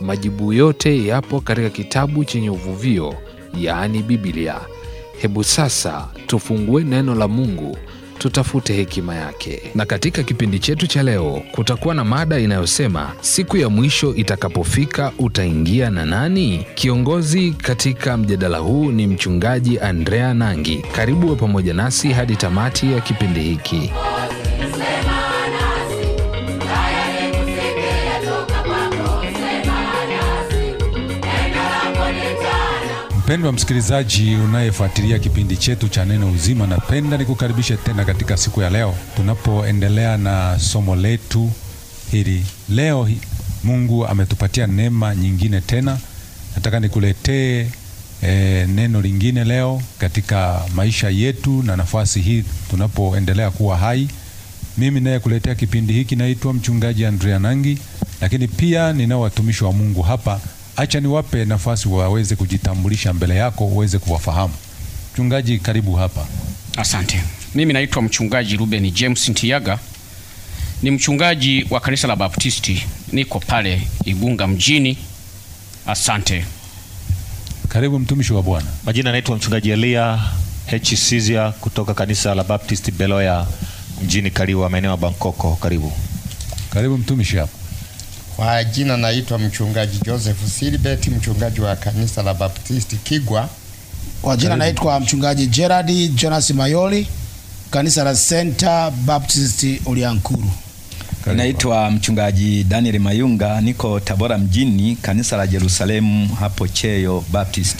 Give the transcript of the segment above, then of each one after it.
Majibu yote yapo katika kitabu chenye uvuvio, yaani Biblia. Hebu sasa tufungue neno la Mungu, tutafute hekima yake. Na katika kipindi chetu cha leo kutakuwa na mada inayosema siku ya mwisho itakapofika utaingia na nani? Kiongozi katika mjadala huu ni mchungaji Andrea Nangi. Karibu we pamoja nasi hadi tamati ya kipindi hiki. Mpendwa msikilizaji unayefuatilia kipindi chetu cha Neno Uzima, napenda nikukaribishe tena katika siku ya leo tunapoendelea na somo letu hili. Leo Mungu ametupatia neema nyingine tena. Nataka nikuletee e, neno lingine leo katika maisha yetu na nafasi hii tunapoendelea kuwa hai. Mimi naye kuletea kipindi hiki naitwa mchungaji Andrea Nangi, lakini pia ninao watumishi wa Mungu hapa acha niwape nafasi waweze kujitambulisha mbele yako uweze kuwafahamu. Mchungaji, karibu hapa. Asante. Mimi naitwa mchungaji Ruben James Ntiyaga, ni mchungaji wa kanisa la Baptisti, niko pale Igunga mjini. Asante. Karibu mtumishi wa Bwana. Majina naitwa mchungaji Elia H. Sizia kutoka kanisa la Baptisti Beloya mjini Kaliwa, maeneo ya Bangkoko. Karibu. Karibu mtumishi hapa. Kwa jina naitwa mchungaji Joseph Silbert, mchungaji wa kanisa la Baptist Kigwa. Kwa jina naitwa mchungaji Gerard Jonas Mayoli, kanisa la Center Baptist Uliankuru. Naitwa mchungaji Daniel Mayunga, niko Tabora mjini, kanisa la Yerusalemu hapo Cheyo Baptist.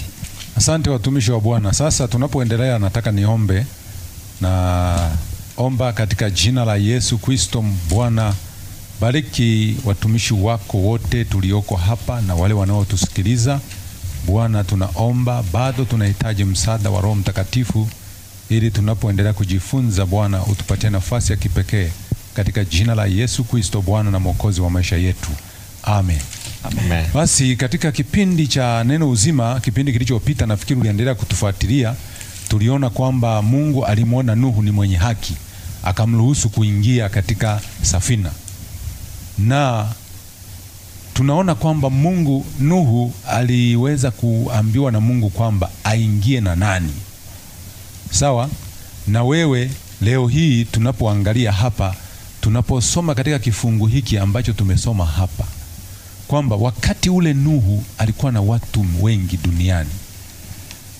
Asante watumishi wa Bwana. Sasa tunapoendelea, nataka niombe na omba katika jina la Yesu Kristo Bwana Bariki watumishi wako wote tulioko hapa na wale wanaotusikiliza. Bwana, tunaomba bado tunahitaji msaada wa Roho Mtakatifu ili tunapoendelea kujifunza, Bwana, utupatie nafasi ya kipekee katika jina la Yesu Kristo, Bwana na Mwokozi wa maisha yetu. Amen. Amen. Basi katika kipindi cha Neno Uzima, kipindi kilichopita, nafikiri uliendelea kutufuatilia, tuliona kwamba Mungu alimwona Nuhu ni mwenye haki, akamruhusu kuingia katika safina na tunaona kwamba Mungu Nuhu aliweza kuambiwa na Mungu kwamba aingie na nani. Sawa na wewe leo hii tunapoangalia hapa, tunaposoma katika kifungu hiki ambacho tumesoma hapa, kwamba wakati ule Nuhu alikuwa na watu wengi duniani.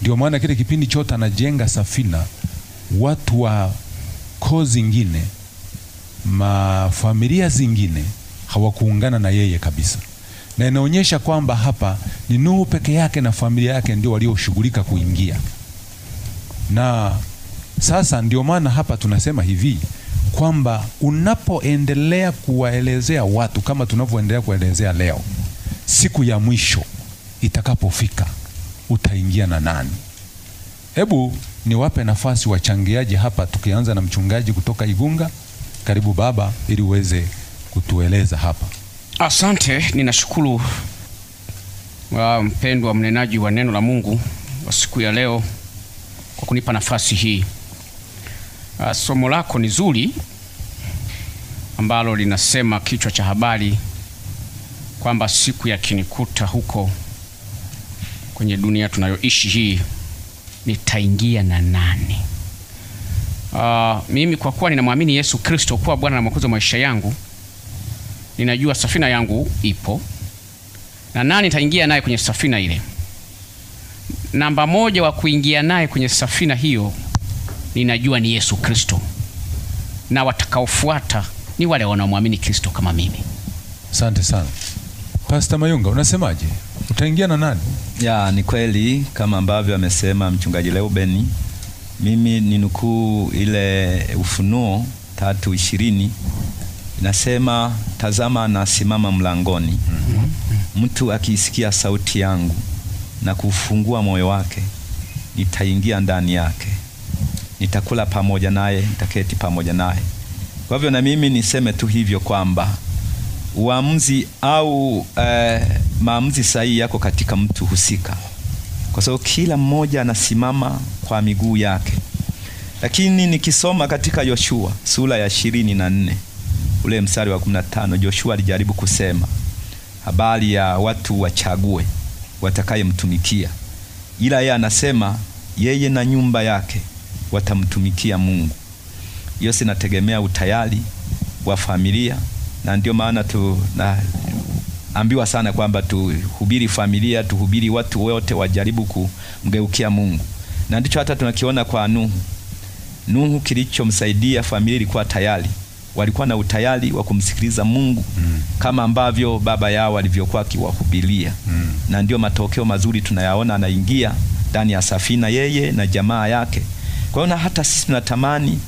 Ndio maana kile kipindi chote anajenga safina, watu wa koo zingine, mafamilia zingine hawakuungana na yeye kabisa, na inaonyesha kwamba hapa ni Nuhu peke yake na familia yake ndio walioshughulika kuingia. Na sasa ndio maana hapa tunasema hivi kwamba unapoendelea kuwaelezea watu kama tunavyoendelea kuelezea leo, siku ya mwisho itakapofika utaingia na nani? Hebu niwape nafasi wachangiaji hapa, tukianza na mchungaji kutoka Igunga. Karibu baba, ili uweze kutueleza hapa. Asante, ninashukuru wa mpendwa mnenaji wa neno la Mungu wa siku ya leo kwa kunipa nafasi hii. Ah, somo lako ni zuri ambalo linasema kichwa cha habari kwamba siku yakinikuta huko kwenye dunia tunayoishi hii nitaingia na nani? Uh, mimi kwa kuwa ninamwamini Yesu Kristo kuwa Bwana na Mwokozi wa maisha yangu ninajua safina yangu ipo na nani nitaingia naye kwenye safina ile. Namba moja wa kuingia naye kwenye safina hiyo ninajua ni Yesu Kristo, na watakaofuata ni wale wanaomwamini Kristo kama mimi. Asante sana. Pastor Mayunga, unasemaje? Utaingia na nani? Ya, ni kweli kama ambavyo amesema mchungaji Leubeni. Mimi ni nukuu ile Ufunuo tatu ishirini inasema, tazama nasimama mlangoni, mm-hmm. mtu mm -hmm. akiisikia sauti yangu na kufungua moyo wake, nitaingia ndani yake, nitakula pamoja naye, nitaketi pamoja naye. Kwa hivyo na mimi niseme tu hivyo kwamba uamuzi au eh, maamuzi sahihi yako katika mtu husika, kwa sababu kila mmoja anasimama kwa miguu yake. Lakini nikisoma katika Yoshua sura ya ishirini na nne ule mstari wa 15, Joshua alijaribu kusema habari ya watu wachague watakayemtumikia, ila yeye anasema yeye na nyumba yake watamtumikia Mungu. Hiyo sinategemea utayari wa familia, na ndio maana tunaambiwa sana kwamba tuhubiri familia, tuhubiri watu wote wajaribu kumgeukia Mungu, na ndicho hata tunakiona kwa Nuhu. Nuhu, kilichomsaidia familia ilikuwa tayari walikuwa na utayari wa kumsikiliza Mungu mm. kama ambavyo baba yao alivyokuwa akiwahubilia mm. na ndio matokeo mazuri tunayaona, anaingia ndani ya safina yeye na jamaa yake. Kwa hiyo na hata sisi tunatamani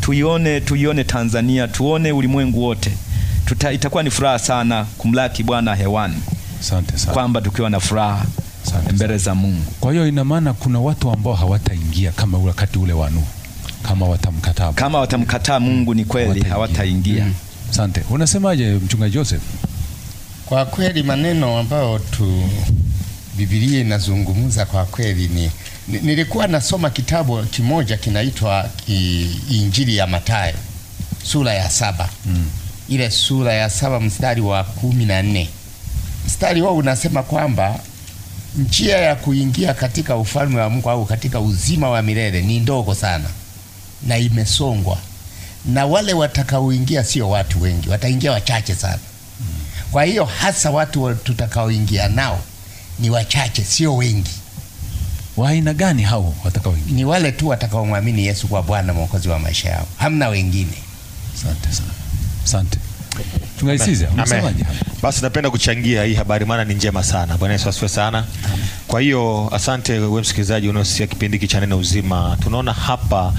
tuione, tuione Tanzania, tuone ulimwengu wote tuta, itakuwa ni furaha sana kumlaki Bwana hewani, asante sana, kwamba tukiwa na furaha mbele za Mungu. Kwa hiyo ina maana kuna watu ambao hawataingia kama wakati ule wa Nuhu kama watamkataa, kama watamkataa Mungu ni kweli hawataingia. Mm. Asante. Mm. Unasemaje mchungaji Joseph? Kwa kweli maneno ambayo tu Biblia inazungumza kwa kweli ni nilikuwa nasoma kitabu kimoja kinaitwa Injili ya Mathayo sura ya saba mm. ile sura ya saba mstari wa kumi na nne mstari huo unasema kwamba njia ya kuingia katika ufalme wa Mungu au katika uzima wa milele ni ndogo sana na imesongwa, na wale watakaoingia sio watu wengi, wataingia wachache sana. Kwa hiyo hasa watu tutakaoingia nao ni wachache, sio wengi. Wa aina gani hao watakaoingia? Ni wale tu watakaomwamini Yesu kwa Bwana Mwokozi wa maisha yao, hamna wengine. Asante sana, asante. Basi napenda kuchangia hii habari, maana ni njema sana. Bwana Yesu asifiwe sana. Kwa hiyo asante wewe msikilizaji unaosikia kipindi cha Neno Uzima. Tunaona hapa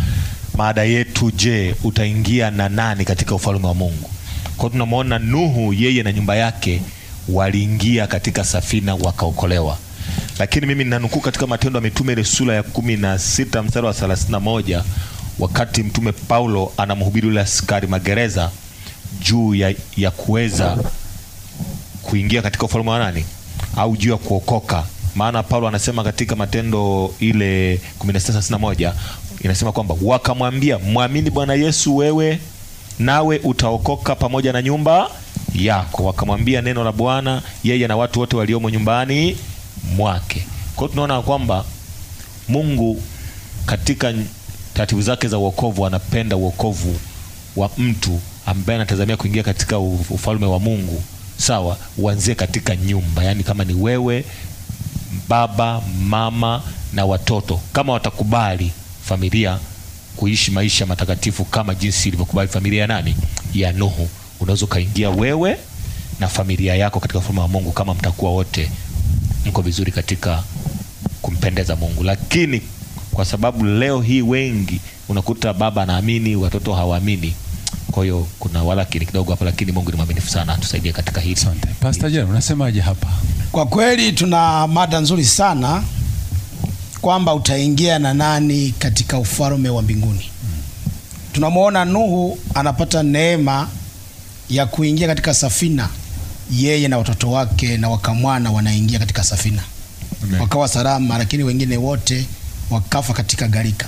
mada yetu, je, utaingia na nani katika ufalme wa Mungu? Kwa tunamwona Nuhu, yeye na nyumba yake waliingia katika safina wakaokolewa. Lakini mimi ninanukuu katika Matendo ya Mitume ile sura ya kumi na sita mstari wa thelathini na moja wakati Mtume Paulo anamhubiri yule askari magereza juu ya, ya kuweza kuingia katika ufalme wa nani au juu ya kuokoka maana Paulo anasema katika Matendo ile moja inasema kwamba wakamwambia, mwamini Bwana Yesu wewe nawe utaokoka pamoja na nyumba yako. Wakamwambia neno la Bwana yeye na watu wote waliomo nyumbani mwake. Kwa hiyo tunaona kwamba Mungu katika taratibu zake za uokovu anapenda uokovu wa mtu ambaye anatazamia kuingia katika ufalme wa Mungu. Sawa, uanzie katika nyumba, yaani kama ni wewe baba, mama na watoto, kama watakubali familia kuishi maisha matakatifu kama jinsi ilivyokubali familia ya nani? Ya Nuhu. Unaweza ukaingia wewe na familia yako katika ufalme wa Mungu kama mtakuwa wote mko vizuri katika kumpendeza Mungu. Lakini kwa sababu leo hii wengi unakuta baba anaamini, watoto hawaamini. Kwa hiyo kuna walakini kidogo hapa, lakini Mungu ni mwaminifu sana, tusaidie katika hili. Asante. Pastor Jerome, unasemaje hapa? Kwa kweli tuna mada nzuri sana kwamba utaingia na nani katika ufalme wa mbinguni. Tunamwona Nuhu anapata neema ya kuingia katika safina, yeye na watoto wake na wakamwana wanaingia katika safina. Amen. Wakawa salama, lakini wengine wote wakafa katika gharika.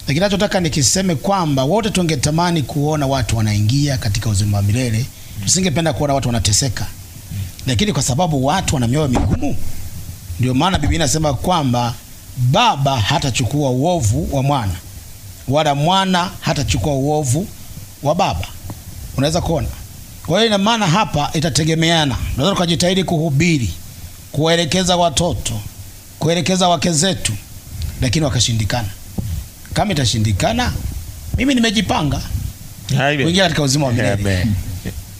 Lakini nachotaka nikiseme kwamba wote tungetamani kuona watu wanaingia katika uzima wa milele, tusingependa kuona watu wanateseka, lakini kwa sababu watu wana mioyo migumu, ndio maana Biblia inasema kwamba Baba hatachukua uovu wa mwana wala mwana hatachukua uovu wa baba. Unaweza kuona. Kwa hiyo ina maana hapa itategemeana. Unaweza tukajitahidi kuhubiri, kuwaelekeza watoto, kuelekeza wake zetu, lakini wakashindikana. Kama itashindikana, mimi nimejipanga kuingia katika uzima wa milele,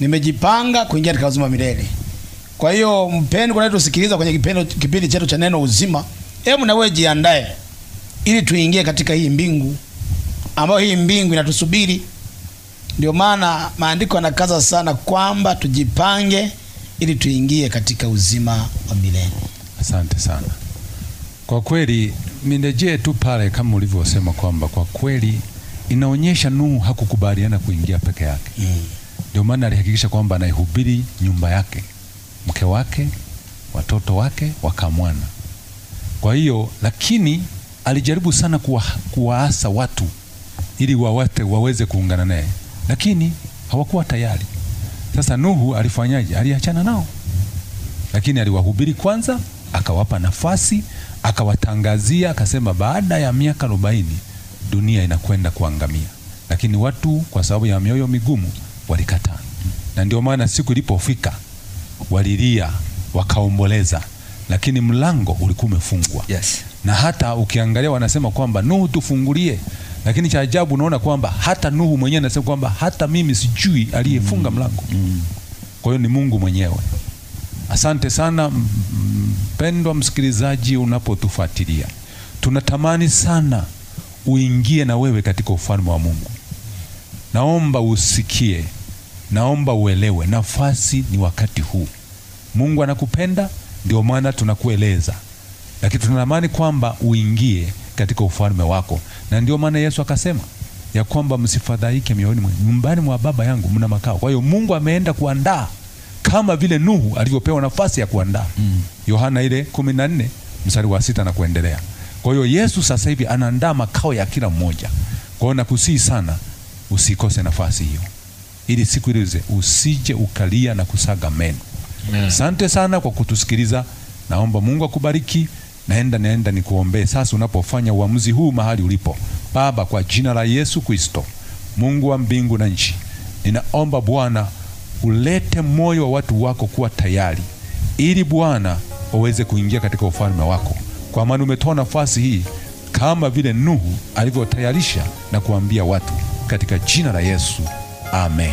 nimejipanga kuingia katika uzima wa milele. Kwa hiyo mpendwa, tunayetusikiliza kwenye kipindi chetu cha neno uzima hebu wewe jiandae ili tuingie katika hii mbingu ambayo hii mbingu inatusubiri. Ndio maana maandiko yanakaza sana kwamba tujipange ili tuingie katika uzima wa milele. Asante sana. Kwa kweli mindeje tu pale kama ulivyosema kwamba kwa kweli inaonyesha Nuhu hakukubaliana kuingia peke yake. Mm. Ndio mm. maana alihakikisha kwamba anaihubiri nyumba yake, mke wake, watoto wake, wakamwana kwa hiyo lakini alijaribu sana kuwa, kuwaasa watu ili wawate waweze kuungana naye, lakini hawakuwa tayari. Sasa Nuhu alifanyaje? Aliachana nao, lakini aliwahubiri kwanza, akawapa nafasi, akawatangazia, akasema baada ya miaka arobaini dunia inakwenda kuangamia, lakini watu kwa sababu ya mioyo migumu walikataa, na ndio maana siku ilipofika walilia, wakaomboleza lakini mlango ulikuwa umefungwa yes. Na hata ukiangalia wanasema kwamba Nuhu, tufungulie, lakini cha ajabu unaona kwamba hata Nuhu mwenyewe anasema kwamba hata mimi sijui aliyefunga mm. mlango mm. Kwa hiyo ni Mungu mwenyewe. Asante sana mpendwa msikilizaji, unapotufuatilia tunatamani sana uingie na wewe katika ufalme wa Mungu. Naomba usikie, naomba uelewe, nafasi ni wakati huu. Mungu anakupenda ndio maana tunakueleza, lakini tunaamani kwamba uingie katika ufalme wako, na ndio maana Yesu akasema ya kwamba msifadhaike mioyoni mwenu, nyumbani mwa Baba yangu mna makao. Kwa hiyo Mungu ameenda kuandaa kama vile Nuhu alivyopewa nafasi ya kuandaa. Mm. Yohana mm. ile kumi na nne mstari wa sita na kuendelea. Kwa hiyo Yesu sasa hivi anaandaa makao ya kila mmoja. Kwa hiyo nakusii sana usikose nafasi hiyo, ili siku ile usije ukalia na kusaga meno. Asante sana kwa kutusikiliza. Naomba Mungu akubariki. Naenda naenda nikuombee sasa, unapofanya uamuzi huu mahali ulipo. Baba, kwa jina la Yesu Kristo, Mungu wa mbingu na nchi, ninaomba Bwana ulete moyo wa watu wako kuwa tayari, ili Bwana waweze kuingia katika ufalme wako, kwa maana umetoa nafasi hii kama vile Nuhu alivyotayarisha na kuambia watu, katika jina la Yesu, amen.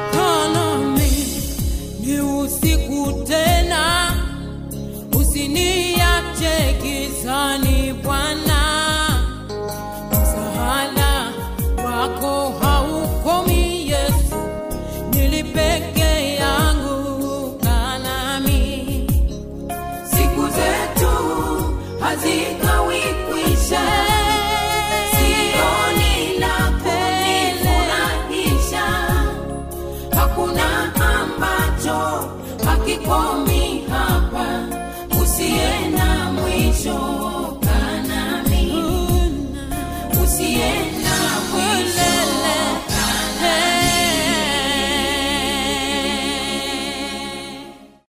don't know.